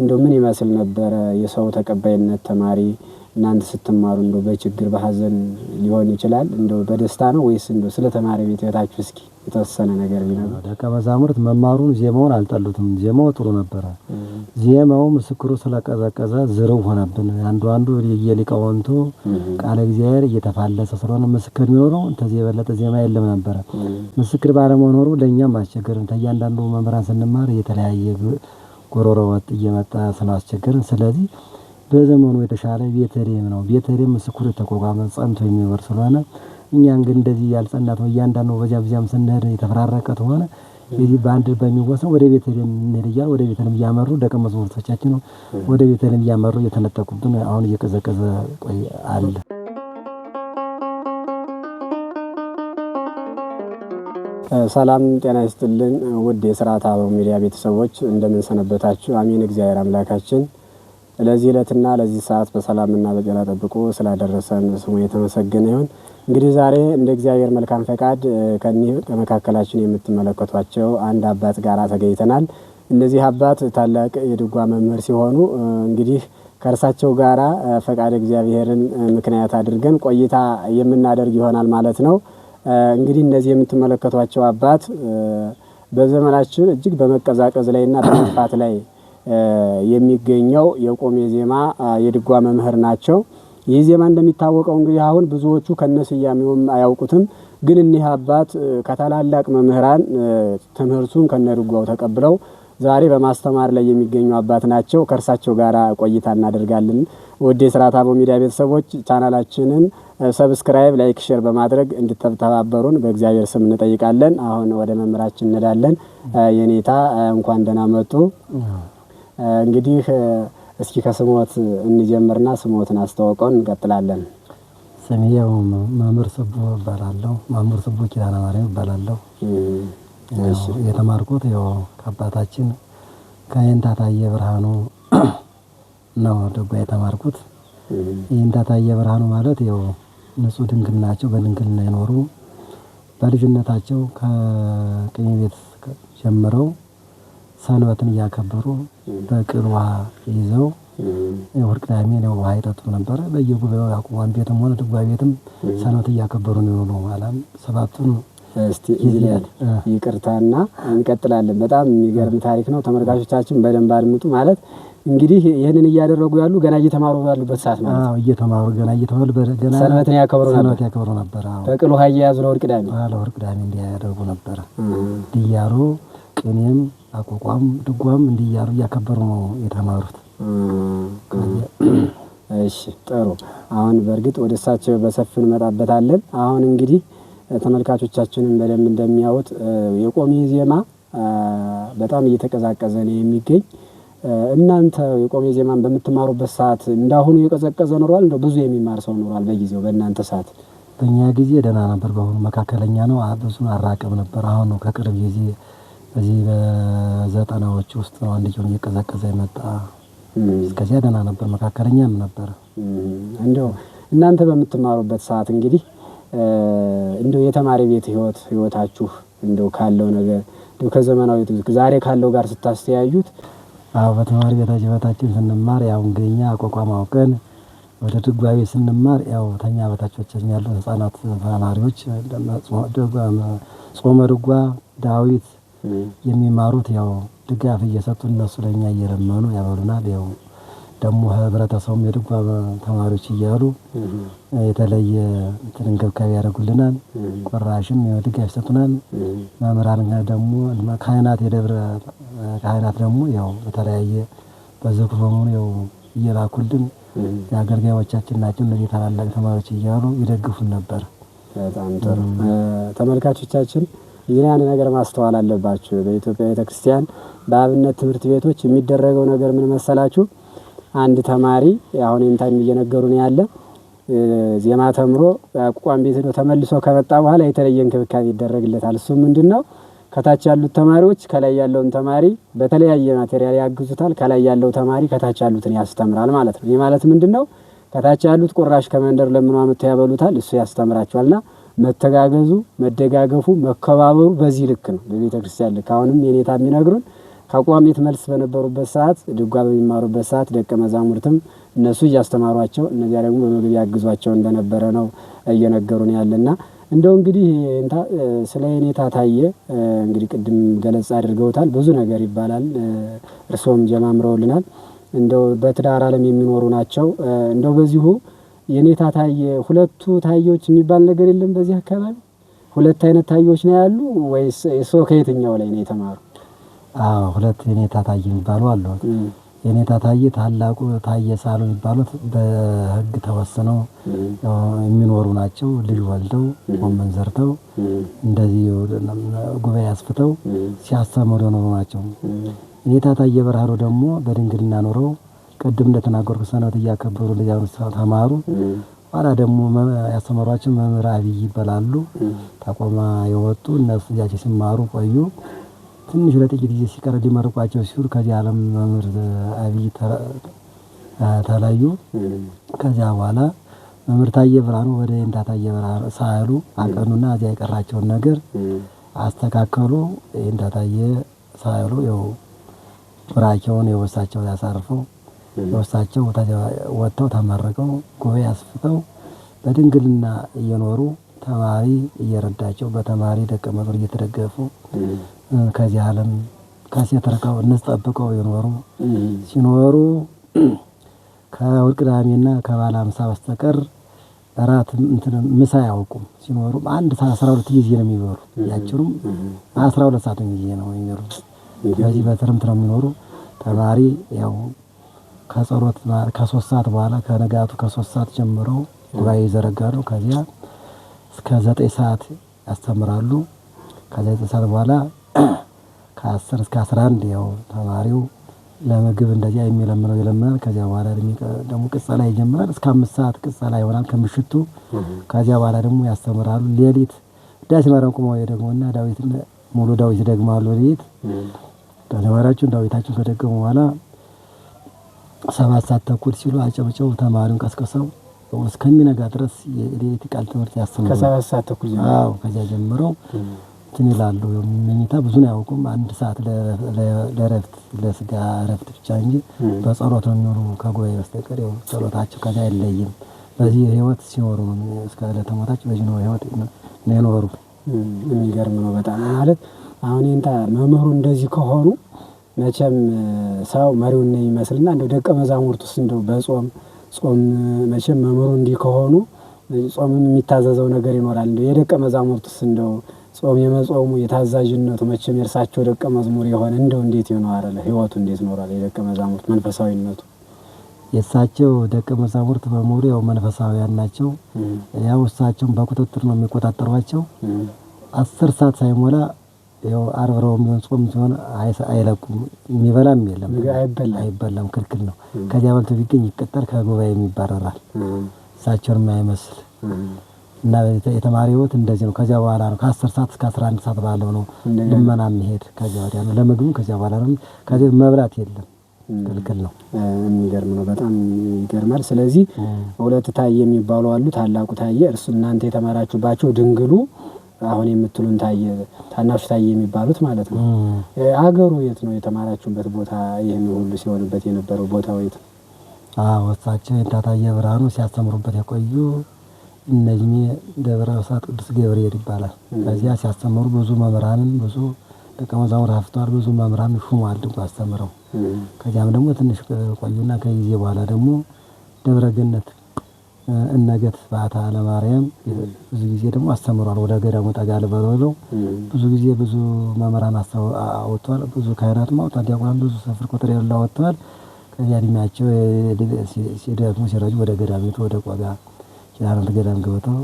እንደው ምን ይመስል ነበረ የሰው ተቀባይነት ተማሪ እናንተ ስትማሩ እንደው በችግር በሀዘን ሊሆን ይችላል እንደው በደስታ ነው ወይስ እንደው ስለ ተማሪ ቤት ህይወታችሁ እስኪ የተወሰነ ነገር ቢነግሩ ደቀ መዛሙርት መማሩን ዜማውን አልጠሉትም ዜማው ጥሩ ነበረ ዜማው ምስክሩ ስለቀዘቀዘ ዝርው ሆነብን አንዱ አንዱ የሊቀወንቱ ቃለ እግዚአብሔር እየተፋለሰ ስለሆነ ምስክር የሚኖረው እንተዚህ የበለጠ ዜማ የለም ነበረ ምስክር ባለመኖሩ ለእኛም አስቸገርን ተእያንዳንዱ መምህራን ስንማር የተለያየ ጎሮሮ ወጥ እየመጣ ስላስቸገረን ስለዚህ በዘመኑ የተሻለ ቤተልሔም ነው ቤተልሔም ስኩር የተቋቋመ ጸንቶ የሚኖር ስለሆነ እኛን ግን እንደዚህ ያልጸናት እያንዳንዱ በዚያ በዚያም ስንሄድ የተፈራረቀ ተሆነ የዚህ በአንድ በሚወሰን ወደ ቤተልሔም እንሂድ እያሉ ወደ ቤተልሔም እያመሩ ደቀ መዛሙርቶቻችን ወደ ቤተልሔም እያመሩ እየተነጠቁብን አሁን እየቀዘቀዘ ቆይ አለ ሰላም ጤና ይስጥልን ውድ የስርዓተ አበው ሚዲያ ቤተሰቦች እንደምን ሰነበታችሁ? አሜን። እግዚአብሔር አምላካችን ለዚህ ዕለትና ለዚህ ሰዓት በሰላምና በጤና ጠብቆ ስላደረሰን ስሙ የተመሰገነ ይሁን። እንግዲህ ዛሬ እንደ እግዚአብሔር መልካም ፈቃድ ከኒህ ከመካከላችን የምትመለከቷቸው አንድ አባት ጋር ተገኝተናል። እነዚህ አባት ታላቅ የድጓ መምህር ሲሆኑ እንግዲህ ከእርሳቸው ጋራ ፈቃድ እግዚአብሔርን ምክንያት አድርገን ቆይታ የምናደርግ ይሆናል ማለት ነው። እንግዲህ እነዚህ የምትመለከቷቸው አባት በዘመናችን እጅግ በመቀዛቀዝ ላይ እና በመጥፋት ላይ የሚገኘው የቆሜ ዜማ የድጓ መምህር ናቸው። ይህ ዜማ እንደሚታወቀው እንግዲህ አሁን ብዙዎቹ ከነስያሜውም አያውቁትም። ግን እኒህ አባት ከታላላቅ መምህራን ትምህርቱን ከነድጓው ተቀብለው ዛሬ በማስተማር ላይ የሚገኙ አባት ናቸው። ከእርሳቸው ጋር ቆይታ እናደርጋለን። ውድ የስርዓተ ሚዲያ ቤተሰቦች ቻናላችንን ሰብስክራይብ፣ ላይክ፣ ሼር በማድረግ እንድትተባበሩን በእግዚአብሔር ስም እንጠይቃለን። አሁን ወደ መምህራችን እንሄዳለን። የኔታ እንኳን ደህና መጡ። እንግዲህ እስኪ ከስሞት እንጀምርና ስሞትን አስተዋውቀውን እንቀጥላለን። ስሜ ያው መምህር ስቦ እባላለሁ። መምህር ስቦ ኪዳነ ማርያም እባላለሁ። የተማርኩት ያው ከአባታችን ከይንታ ብርሃኑ ነው ደግሞ የተማርኩት። ይንታ ብርሃኑ ማለት ያው ንጹህ ድንግል ናቸው። በድንግልና የኖሩ በልጅነታቸው ከቅኝ ቤት ጀምረው ሰንበትን እያከበሩ በቅል ውሃ ይዘው እሑድ ቅዳሜ ውሃ ይጠጡ ነበረ። በየጉባኤው ያቁማን ቤትም ሆነ ድጓ ቤትም ሰንበት እያከበሩ ነው የሆኑ ኋላም ሰባቱን እስቲ ኢዝሊያን ይቅርታና እንቀጥላለን። በጣም የሚገርም ታሪክ ነው። ተመልካቾቻችን በደንብ አድምጡ። ማለት እንግዲህ ይህንን እያደረጉ ያሉ ገና እየተማሩ ያሉበት ሰዓት ማለት እየተማሩ ገና እየተማሩ ሰንበትን ያከብሩ ነበር፣ ሰንበት ያከብሩ ነበር። አዎ በቅል ውሃ እየያዙ ለእሑድ ቅዳሜ፣ ለወር ቅዳሜ እንዲያደርጉ ነበረ። እንዲያሩ ቅኔም አቋቋም ድጓም እንዲያሩ እያከበሩ ነው የተማሩት። እሺ ጥሩ። አሁን በእርግጥ ወደ እሳቸው በሰፊው እንመጣበታለን። አሁን እንግዲህ ተመልካቾቻችንን በደንብ እንደሚያዩት የቆሚ ዜማ በጣም እየተቀዛቀዘ ነው የሚገኝ። እናንተ የቆሚ ዜማን በምትማሩበት ሰዓት እንዳሁኑ የቀዘቀዘ ኑሯል? እንደው ብዙ የሚማር ሰው ኑሯል በጊዜው በእናንተ ሰዓት? በእኛ ጊዜ ደህና ነበር። በአሁኑ መካከለኛ ነው፣ ብዙ አራቅም ነበር። አሁን ነው ከቅርብ ጊዜ በዚህ በዘጠናዎች ውስጥ ነው አንድ ጊዜ እየቀዘቀዘ የመጣ። እስከዚያ ደህና ነበር፣ መካከለኛም ነበር። እንደው እናንተ በምትማሩበት ሰዓት እንግዲህ እንዲሁ የተማሪ ቤት ህይወት ህይወታችሁ እንዲሁ ካለው ነገር እንዲሁ ከዘመናዊ ዛሬ ካለው ጋር ስታስተያዩት? አዎ በተማሪ ቤታችን ህይወታችን ስንማር ያው እንግኛ አቋቋም አውቀን ወደ ድጓ ቤት ስንማር ያው ተኛ በታቾችን ያሉ ህጻናት ተማሪዎች ጾመ ድጓ ዳዊት የሚማሩት ያው ድጋፍ እየሰጡ እነሱ ለእኛ እየለመኑ ያበሉናል ያው ደግሞ ህብረተሰቡም የድጓ ተማሪዎች እያሉ የተለየ እንትን እንክብካቤ ያደርጉልናል። ቁራሽም ድጋፍ ይሰጡናል። መምህራን ደግሞ ካህናት የደብረ ካህናት ደግሞ ያው በተለያየ በዚህ በመሆኑ ያው እየላኩልን የአገልጋዮቻችን ናቸው እነዚህ ታላላቅ ተማሪዎች እያሉ ይደግፉን ነበር። በጣም ጥሩ ተመልካቾቻችን ይህን ያን ነገር ማስተዋል አለባችሁ። በኢትዮጵያ ቤተክርስቲያን በአብነት ትምህርት ቤቶች የሚደረገው ነገር ምን መሰላችሁ? አንድ ተማሪ አሁን ታይም እየነገሩ ነው ያለ ዜማ ተምሮ ቋቋም ቤት ነው ተመልሶ ከመጣ በኋላ የተለየ እንክብካቤ ይደረግለታል። እሱ ምንድን ነው? ከታች ያሉት ተማሪዎች ከላይ ያለውን ተማሪ በተለያየ ማቴሪያል ያግዙታል። ከላይ ያለው ተማሪ ከታች ያሉትን ያስተምራል ማለት ነው። ይህ ማለት ምንድን ነው? ከታች ያሉት ቁራሽ ከመንደር ለምኗ መጥተው ያበሉታል፣ እሱ ያስተምራቸዋልና መተጋገዙ፣ መደጋገፉ፣ መከባበሩ በዚህ ልክ ነው በቤተ ክርስቲያን ልክ። አሁንም የኔታ የሚነግሩን ከቋሚት መልስ በነበሩበት ሰዓት ድጓ በሚማሩበት ሰዓት ደቀ መዛሙርትም እነሱ እያስተማሯቸው እነዚያ ደግሞ በምግብ ያግዟቸው እንደነበረ ነው እየነገሩን ያለና እንደው እንግዲህ ስለ ኔታ ታየ እንግዲህ ቅድም ገለጻ አድርገውታል። ብዙ ነገር ይባላል። እርስዎም ጀማምረውልናል። እንደው በትዳር ዓለም የሚኖሩ ናቸው። እንደው በዚሁ የኔታ ታየ ሁለቱ ታየዎች የሚባል ነገር የለም በዚህ አካባቢ ሁለት አይነት ታየዎች ነው ያሉ ወይስ እርስዎ ከየትኛው ላይ ነው የተማሩ? ሁለት የኔ ታዬ የሚባሉ አሉ። የኔ ታዬ ታላቁ ታዬ ሳሉ የሚባሉት በህግ ተወስነው የሚኖሩ ናቸው። ልጅ ወልደው ጎመን ዘርተው እንደዚህ ጉባኤ አስፍተው ሲያስተምሩ የኖሩ ናቸው። እኔ ታዬ በርሃሩ ደግሞ በድንግልና ኖረው ቅድም እንደተናገርኩ ሰንበት እያከበሩ ልጃ ተማሩ። ኋላ ደግሞ ያስተማሯቸው መምህር አብይ ይበላሉ ተቆማ የወጡ እነሱ ልጃቸው ሲማሩ ቆዩ። ትንሽ ለጥቂት ጊዜ ሲቀር ሊመርቋቸው ሲሉ ከዚህ ዓለም መምህር አብይ ተለዩ። ከዚያ በኋላ መምህር ታየ ብርሃኑ ወደ ይንታ ታየ ብርሃኑ ሳያሉ አቀኑና እዚያ የቀራቸውን ነገር አስተካከሉ። ይንታ ታየ ሳያሉ ው ፍራቸውን የወሳቸው ያሳርፈው የወሳቸው ወጥተው ተመርቀው ጉባኤ አስፍተው በድንግልና እየኖሩ ተማሪ እየረዳቸው በተማሪ ደቀ መዝሙር እየተደገፉ ከዚህ ዓለም ከሴት ርቀው እነሱ ጠብቀው ይኖሩ ሲኖሩ ከእሑድ ቅዳሜና ከባለ ሃምሳ በስተቀር እራት እንትን ምሳ አያውቁም። ሲኖሩ አንድ አስራ ሁለት ጊዜ ነው የሚበሩ ያችሩም አስራ ሁለት ሰዓት ጊዜ ነው የሚበሉት። በዚህ በትርምት ነው የሚኖሩ። ተማሪ ያው ከጸሎት ከሶስት ሰዓት በኋላ ከንጋቱ ከሶስት ሰዓት ጀምሮ ጉባኤ ይዘረጋሉ። ከዚያ እስከ ዘጠኝ ሰዓት ያስተምራሉ። ከዘጠኝ ሰዓት በኋላ ከአስር እስከ አስራ አንድ ያው ተማሪው ለምግብ እንደዚያ የሚለምነው ይለምናል። ከዚያ በኋላ ደግሞ ቅጸላ ይጀምራል። እስከ አምስት ሰዓት ቅጸላ ይሆናል ከምሽቱ። ከዚያ በኋላ ደግሞ ያስተምራሉ። ሌሊት ዳዊት ማርያም ቁማዊ ደግሞና ዳዊት ሙሉ ዳዊት ይደግማሉ። ሌሊት ተማሪያቸውን ዳዊታችን ከደገሙ በኋላ ሰባት ሰዓት ተኩል ሲሉ አጨብጨው ተማሪውን ቀስቅሰው እስከሚነጋ ድረስ የሌሊት ቃል ትምህርት ያስተምራሉ። ከሰባት ሰዓት ተኩል ጀምረው እንትን ይላሉ። መኝታ ብዙን አያውቁም። አንድ ሰዓት ለረፍት ለስጋ ረፍት ብቻ እንጂ በጸሎት ነው የሚኖሩ ከጉባኤ በስተቀር ው ጸሎታቸው ከዚያ አይለይም። በዚህ ህይወት ሲኖሩ እስከ ዕለተ ሞታቸው በዚህ ነው ህይወት ነው የኖሩ። የሚገርም ነው በጣም ማለት አሁን ንታ መምህሩ እንደዚህ ከሆኑ መቼም ሰው መሪውን ነው ይመስልና እንደው ደቀ መዛሙርቱስ እንደው በጾም ጾም መቼም መምህሩ እንዲህ ከሆኑ ጾምም የሚታዘዘው ነገር ይኖራል። እንደው የደቀ መዛሙርቱስ እንደው ጾም የመጾሙ የታዛዥነቱ መቼም የእርሳቸው ደቀ መዝሙር የሆነ እንደው እንዴት ይሆነዋል? ህይወቱ እንዴት ኖሯል? የደቀ መዛሙርት መንፈሳዊነቱ የእሳቸው ደቀ መዛሙርት በሙሉ ያው መንፈሳዊያን ናቸው። ያው እሳቸውን በቁጥጥር ነው የሚቆጣጠሯቸው። አስር ሰዓት ሳይሞላ ያው አርብረው የሚሆን ጾም ሲሆን አይለቁም። የሚበላም የለም አይበላም፣ ክልክል ነው። ከዚያ በልቶ ቢገኝ ይቀጣል፣ ከጉባኤም ይባረራል። እሳቸውን የማይመስል እና የተማሪ ህይወት እንደዚህ ነው። ከዚያ በኋላ ነው ከአስር ሰዓት እስከ አስራ አንድ ሰዓት ባለው ነው ልመና የሚሄድ ከዚያ ወዲያ ነው ለምግቡ። ከዚያ በኋላ ነው ከዚ መብላት የለም ክልክል ነው። የሚገርም ነው። በጣም ይገርማል። ስለዚህ ሁለት ታዬ የሚባሉ አሉ። ታላቁ ታዬ እርሱ እናንተ የተማራችሁባቸው ድንግሉ አሁን የምትሉን ታየ ታናሹ ታየ የሚባሉት ማለት ነው። አገሩ የት ነው? የተማራችሁበት ቦታ ይህን ሁሉ ሲሆንበት የነበረው ቦታው የት ነው? እሳቸው ታየ ብርሃኑ ሲያስተምሩበት የቆዩ እነዚህ ደብረ እሳት ቅዱስ ገብርኤል ይባላል። ከዚያ ሲያስተምሩ ብዙ መምህራንም ብዙ ደቀ መዛሙርት አፍቷል። ብዙ መምህራን ሹሞ አድጎ አስተምረው ከዚያም ደግሞ ትንሽ ቆዩና ከጊዜ በኋላ ደግሞ ደብረ ገነት እነገት ባታ ለማርያም ብዙ ጊዜ ደግሞ አስተምሯል። ወደ ገዳሙ ጠጋ ልበለው ብዙ ጊዜ ብዙ መምህራን አወጥተዋል። ብዙ ካህናት ማውጣት ዲያቆናን ብዙ ሰፍር ቁጥር ያለው አወጥተዋል። ከዚያ እድሜያቸው ሲደክሙ ሲረጅ ወደ ገዳሚቱ ወደ ቆጋ የአረንት ገዳም ገብተው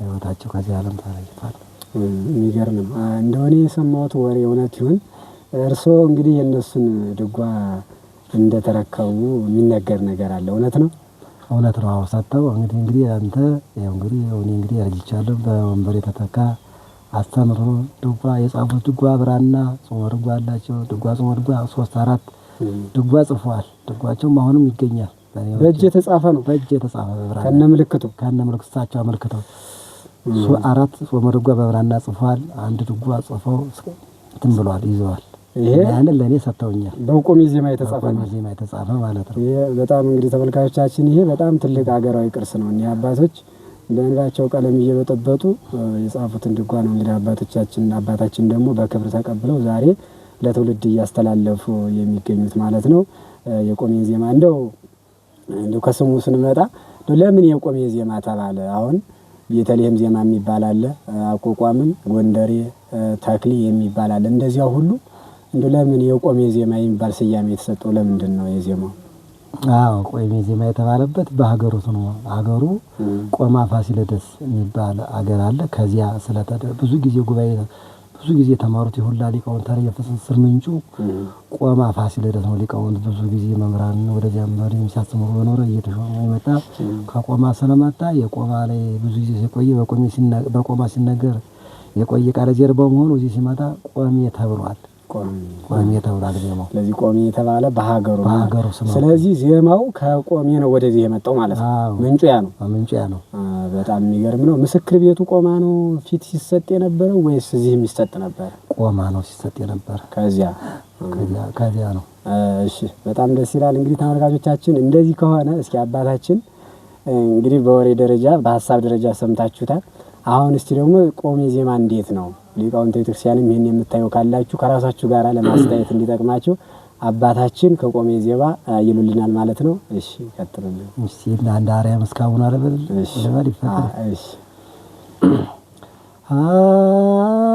ህይወታቸው ከዚህ ዓለም ተለይቷል። የሚገርም ነው። እንደሆነ የሰማሁት ወሬ እውነት ይሁን? እርስዎ እንግዲህ የእነሱን ድጓ እንደተረከቡ የሚነገር ነገር አለ። እውነት ነው? እውነት ነው። አዎ እንግዲህ እንግዲህ አንተ ያው እንግዲህ እኔ እንግዲህ ረጅቻለሁ በወንበር የተተካ አስተምሮ ድጓ የጻፉት ድጓ ብራና ጽሞ ድጓ አላቸው። ድጓ ጽሞ ድጓ ሶስት አራት ድጓ ጽፏል። ድጓቸውም አሁንም ይገኛል። በእጅ የተጻፈ ነው። በእጅ የተጻፈ በብራና ከነ ምልክቱ ከነ ምልክቱ እሳቸው አመልክተው እሱ አራት ጾመ ድጓ በብራና ጽፏል። አንድ ድጓ ጽፈው እንትን ብሏል ይዘዋል። ይሄ ያንን ለእኔ ሰጥተውኛል። በቁም ዜማ የተጻፈ ነው። ዜማ የተጻፈ ማለት ነው። ይሄ በጣም እንግዲህ ተመልካቾቻችን፣ ይሄ በጣም ትልቅ ሀገራዊ ቅርስ ነው። እኒህ አባቶች በእንባቸው ቀለም እየበጠበጡ የጻፉትን ድጓ ነው እንግዲህ አባቶቻችን አባታችን ደግሞ በክብር ተቀብለው ዛሬ ለትውልድ እያስተላለፉ የሚገኙት ማለት ነው። የቆሜ ዜማ እንደው እንዲሁ ከስሙ ስንመጣ ለምን የቆሜ ዜማ ተባለ? አሁን ቤተልሔም ዜማ የሚባል አለ፣ አቋቋምም ጎንደሬ ተክሌ የሚባል አለ። እንደዚያ ሁሉ እንዲሁ ለምን የቆሜ ዜማ የሚባል ስያሜ የተሰጠው ለምንድን ነው የዜማው? አዎ ቆሜ ዜማ የተባለበት በሀገሩ ነው። ሀገሩ ቆማ ፋሲለደስ የሚባል አገር አለ። ከዚያ ስለተደ ብዙ ጊዜ ጉባኤ ብዙ ጊዜ የተማሩት የሁላ ሊቃውንት ታዲያ የትስስር ምንጩ ቆማ ፋሲለደስ ነው። ሊቃውንት ብዙ ጊዜ መምህራን ወደዚያ መሪ ሲያስተምሩ በኖረ እየተሾመ ይመጣ ከቆማ ስለመጣ የቆማ ላይ ብዙ ጊዜ ሲቆይ በቆማ ሲነገር የቆየ ቃለ ዜር በመሆኑ እዚህ ሲመጣ ቆሜ ተብሏል። ቆሜ ተብሏል ዜማው። ስለዚህ ቆሜ የተባለ በሀገሩ በሀገሩ። ስለዚህ ዜማው ከቆሜ ነው ወደዚህ የመጣው ማለት ነው። ምንጩ ያ ነው። ምንጩ ያ ነው። በጣም የሚገርም ነው። ምስክር ቤቱ ቆማ ነው ፊት ሲሰጥ የነበረው ወይስ እዚህም የሚሰጥ ነበር? ቆማ ነው ሲሰጥ የነበረ። ከዚያ ከዚያ ነው። እሺ፣ በጣም ደስ ይላል። እንግዲህ ተመልካቾቻችን እንደዚህ ከሆነ እስኪ አባታችን እንግዲህ በወሬ ደረጃ በሀሳብ ደረጃ ሰምታችሁታል። አሁን እስቲ ደግሞ ቆሜ ዜማ እንዴት ነው ሊቃውንተ ቤተክርስቲያንም ይህን የምታየው ካላችሁ ከራሳችሁ ጋር ለማስተያየት እንዲጠቅማችሁ አባታችን ከቆሜ ዜባ ይሉልናል ማለት ነው። እሺ ቀጥሉልን። እሺ ለአንድ አርያ መስካቡን አለበል ልበል እሺ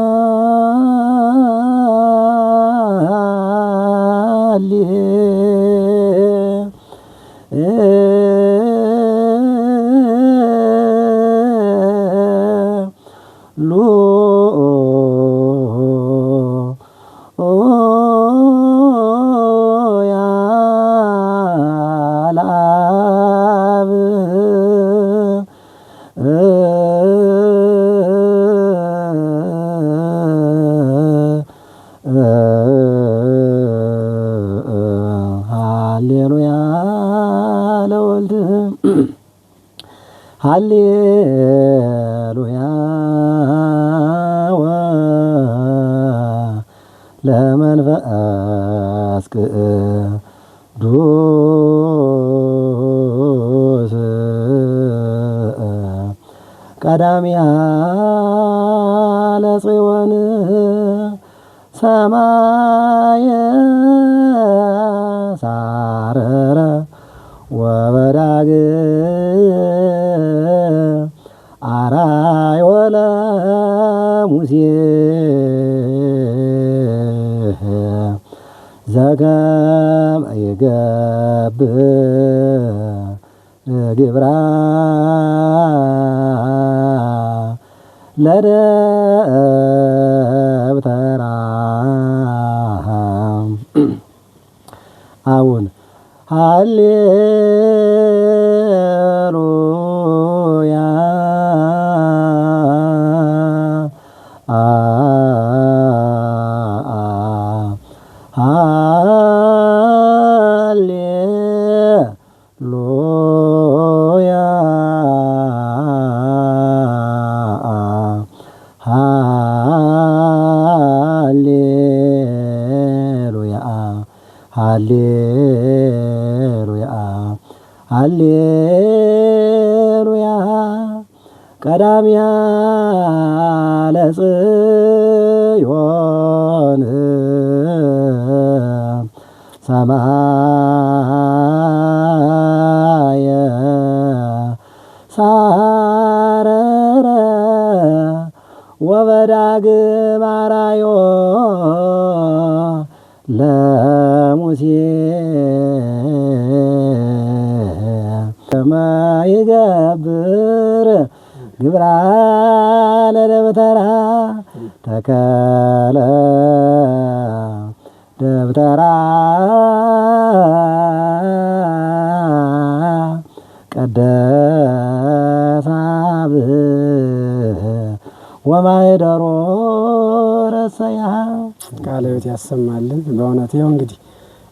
ሃሌሉያ ለወልድ ሃሌ ወበዳግ አራይ ወለ ሙሴ ዘገም የገብ ግብራ ለደብተራ አቡነ ሃሌ ያለ ጽዮን ሰማየ ሳረረ ወበዳግም አራዮ ለሙሴ ከመ ግብራ ለደብተራ ተከለ ደብተራ ቀደሳብ ወማይደሮ ረሰያ ቃለዮት ያሰማልን። በእውነት ይኸው እንግዲህ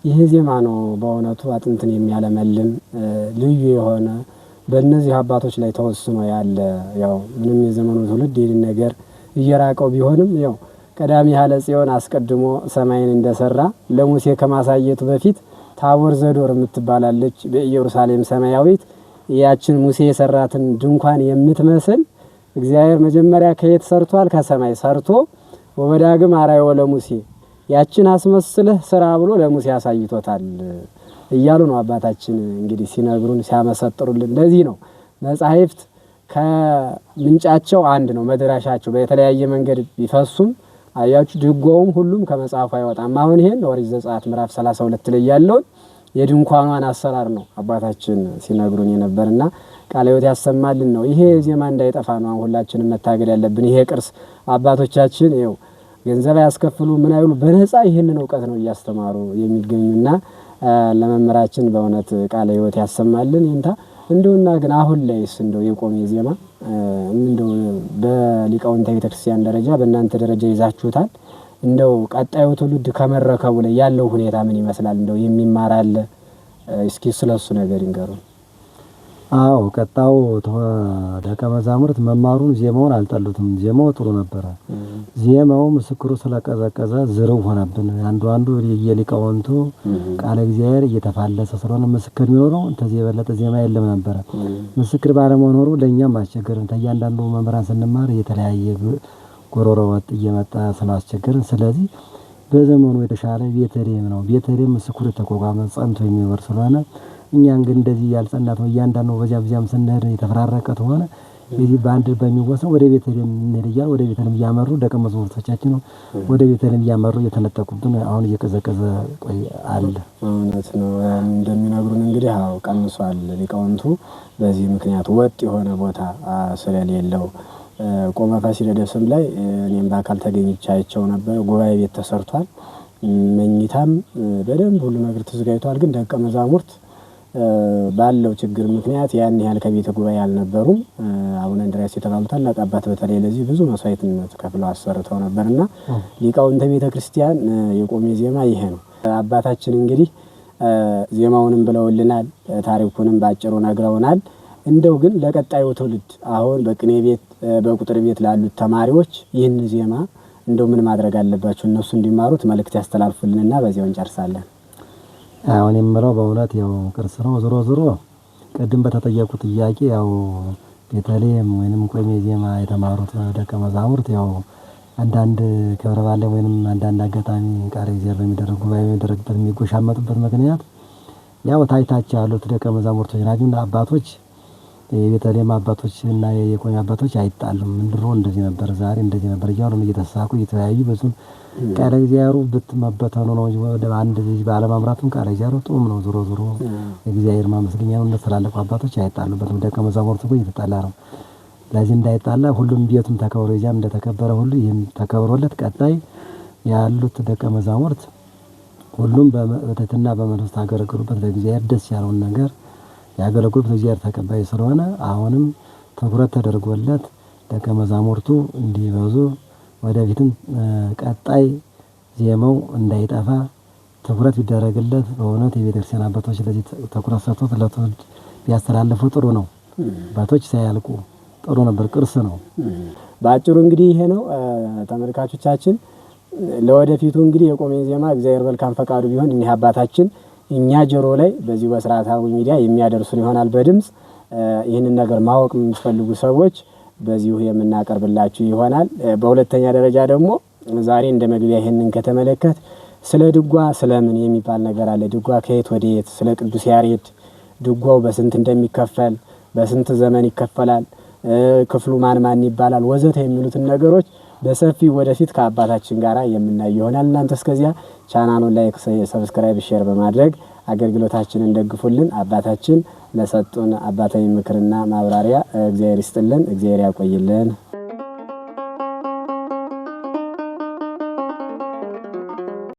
ይህ ዜማ ነው በእውነቱ አጥንትን የሚያለመልም ልዩ የሆነ በእነዚህ አባቶች ላይ ተወስኖ ያለ ያው ምንም የዘመኑ ትውልድ ይህን ነገር እየራቀው ቢሆንም ያው ቀዳሚ ሀለ ጽዮን አስቀድሞ ሰማይን እንደሰራ ለሙሴ ከማሳየቱ በፊት ታቦር ዘዶር የምትባላለች በኢየሩሳሌም ሰማያዊት ያችን ሙሴ የሰራትን ድንኳን የምትመስል እግዚአብሔር መጀመሪያ ከየት ሰርቷል? ከሰማይ ሰርቶ ወበዳግም አራዮ ለሙሴ ያችን አስመስልህ ስራ ብሎ ለሙሴ አሳይቶታል። እያሉ ነው አባታችን እንግዲህ ሲነግሩን ሲያመሰጥሩልን። ለዚህ ነው መጻሕፍት ከምንጫቸው አንድ ነው መድረሻቸው በተለያየ መንገድ ቢፈሱም አያችሁ ድጓውም ሁሉም ከመጽሐፉ አይወጣም። አሁን ይሄን ኦሪት ዘጸአት ምዕራፍ 32 ላይ ያለውን የድንኳኗን አሰራር ነው አባታችን ሲነግሩን የነበርና ቃለ ሕይወት ያሰማልን ነው። ይሄ ዜማ እንዳይጠፋ ነው ሁላችንም መታገድ ያለብን። ይሄ ቅርስ አባቶቻችን ይኸው ገንዘብ ያስከፍሉ ምን አይሉ በነፃ ይህንን እውቀት ነው እያስተማሩ የሚገኙና ለመምህራችን በእውነት ቃለ ሕይወት ያሰማልን። ይንታ እንዲሁና ግን አሁን ላይስ እንደው የቆሜ ዜማ እንደው በሊቃውንተ ቤተክርስቲያን ደረጃ በእናንተ ደረጃ ይዛችሁታል። እንደው ቀጣዩ ትውልድ ከመረከቡ ላይ ያለው ሁኔታ ምን ይመስላል? እንደው የሚማር አለ? እስኪ ስለሱ ነገር ይንገሩን። አዎ ቀጣው ደቀ መዛሙርት መማሩን ዜማውን አልጠሉትም። ዜማው ጥሩ ነበረ። ዜማው ምስክሩ ስለቀዘቀዘ ዝርው ሆነብን። አንዱ አንዱ የሊቃውንቱ ቃለ እግዚአብሔር እየተፋለሰ ስለሆነ ምስክር የሚኖረው ተዚህ የበለጠ ዜማ የለም ነበረ። ምስክር ባለመኖሩ ለእኛም አስቸገርን። ተእያንዳንዱ መምህራን ስንማር የተለያየ ጎሮሮ ወጥ እየመጣ ስላስቸገርን ስለዚህ በዘመኑ የተሻለ ቤተልሔም ነው። ቤተልሔም ምስክሩ የተቋቋመ ጸንቶ የሚኖር ስለሆነ እኛን ግን እንደዚህ ያልጸናት ነው እያንዳንዱ በዚያ በዚያም ስንሄድ የተፈራረቀ ተሆነ ስለዚህ በአንድ በሚወሰን ወደ ቤተልሔም እንሄድ ወደ ወደ ቤተልሔም እያመሩ ደቀ ነው ወደ ቤተልሔም እያመሩ እየተነጠቁብን አሁን እየቀዘቀዘ ቆይ አለ። እውነት ነው እንደሚነግሩን እንግዲህ አዎ ቀንሷል። ሊቃውንቱ በዚህ ምክንያት ወጥ የሆነ ቦታ ስለሌለው ቆመ ፋሲለደስም ላይ እኔም በአካል ተገኝቼ አይቼው ነበር። ጉባኤ ቤት ተሰርቷል። መኝታም በደንብ ሁሉ ነገር ተዘጋጅቷል። ግን ደቀ መዛሙርት ባለው ችግር ምክንያት ያን ያህል ከቤተ ጉባኤ አልነበሩም። አቡነ እንድርያስ የተባሉ ታላቅ አባት በተለይ ለዚህ ብዙ መስዋዕትነት ከፍለው አሰርተው ነበርና ሊቃውንተ ቤተ ክርስቲያን የቆሜ ዜማ ይሄ ነው። አባታችን እንግዲህ ዜማውንም ብለውልናል፣ ታሪኩንም በአጭሩ ነግረውናል። እንደው ግን ለቀጣዩ ትውልድ አሁን በቅኔ ቤት በቁጥር ቤት ላሉት ተማሪዎች ይህን ዜማ እንደው ምን ማድረግ አለባቸው እነሱ እንዲማሩት መልእክት ያስተላልፉልንና በዚያው እንጨርሳለን። አሁን የምለው በእውነት ያው ቅርስ ነው። ዞሮ ዞሮ ቅድም በተጠየቁት ጥያቄ ያው ቤተልሔም ወይንም ቆሜ ዜማ የተማሩት ደቀ መዛሙርት ያው አንዳንድ ክብረ ባለ ወይንም አንዳንድ አጋጣሚ ቃለ እግዚአብሔር በሚደረግ ጉባኤ በሚደረግበት የሚጎሻመጡበት ምክንያት ያው ታይታች ያሉት ደቀ መዛሙርቶች ናቸው አባቶች የቤተልሔም አባቶች እና የቆሚ አባቶች አይጣሉም። ድሮ እንደዚህ ነበር፣ ዛሬ እንደዚህ ነበር እያሉ እየተሳኩ እየተለያዩ በዙም ቃለ እግዚአብሔሩ ብትመበተኑ ነው ወደ አንድ ልጅ ባለማምራቱም ቃለ እግዚአብሔሩ ጥሩም ነው። ዞሮ ዞሮ እግዚአብሔር ማመስገኛ ነው። እንደተላለቁ አባቶች አይጣሉበትም። ደቀ መዛሙርቱ ግን እየተጣላ ነው። ለዚህ እንዳይጣላ ሁሉም ቤቱም ተከብሮ ይዛም እንደተከበረ ሁሉ ይህም ተከብሮለት ቀጣይ ያሉት ደቀ መዛሙርት ሁሉም በትህትና በመንፈስ ታገለገሉበት ለእግዚአብሔር ደስ ያለውን ነገር ያገለግሉት ለእግዚአብሔር ተቀባይ ስለሆነ አሁንም ትኩረት ተደርጎለት ደቀ መዛሙርቱ እንዲበዙ ወደፊትም ቀጣይ ዜማው እንዳይጠፋ ትኩረት ቢደረግለት በእውነት የቤተክርስቲያን አባቶች ለዚህ ትኩረት ሰጥቶት ለትውልድ ቢያስተላልፉ ጥሩ ነው። አባቶች ሳያልቁ ጥሩ ነበር፣ ቅርስ ነው። በአጭሩ እንግዲህ ይሄ ነው ተመልካቾቻችን። ለወደፊቱ እንግዲህ የቆሜን ዜማ እግዚአብሔር መልካም ፈቃዱ ቢሆን እኒህ አባታችን እኛ ጆሮ ላይ በዚሁ በስርዓታዊ ሚዲያ የሚያደርሱን ይሆናል በድምፅ። ይህንን ነገር ማወቅ የሚፈልጉ ሰዎች በዚሁ የምናቀርብላችሁ ይሆናል። በሁለተኛ ደረጃ ደግሞ ዛሬ እንደ መግቢያ ይህንን ከተመለከት ስለ ድጓ ስለምን የሚባል ነገር አለ። ድጓ ከየት ወደ የት፣ ስለ ቅዱስ ያሬድ ድጓው በስንት እንደሚከፈል፣ በስንት ዘመን ይከፈላል፣ ክፍሉ ማን ማን ይባላል፣ ወዘተ የሚሉትን ነገሮች በሰፊው ወደፊት ከአባታችን ጋር የምናይ ይሆናል። እናንተ እስከዚያ ቻናሉን ላይክ፣ ሰብስክራይብ፣ ሼር በማድረግ አገልግሎታችንን ደግፉልን። አባታችን ለሰጡን አባታዊ ምክርና ማብራሪያ እግዚአብሔር ይስጥልን፣ እግዚአብሔር ያቆይልን።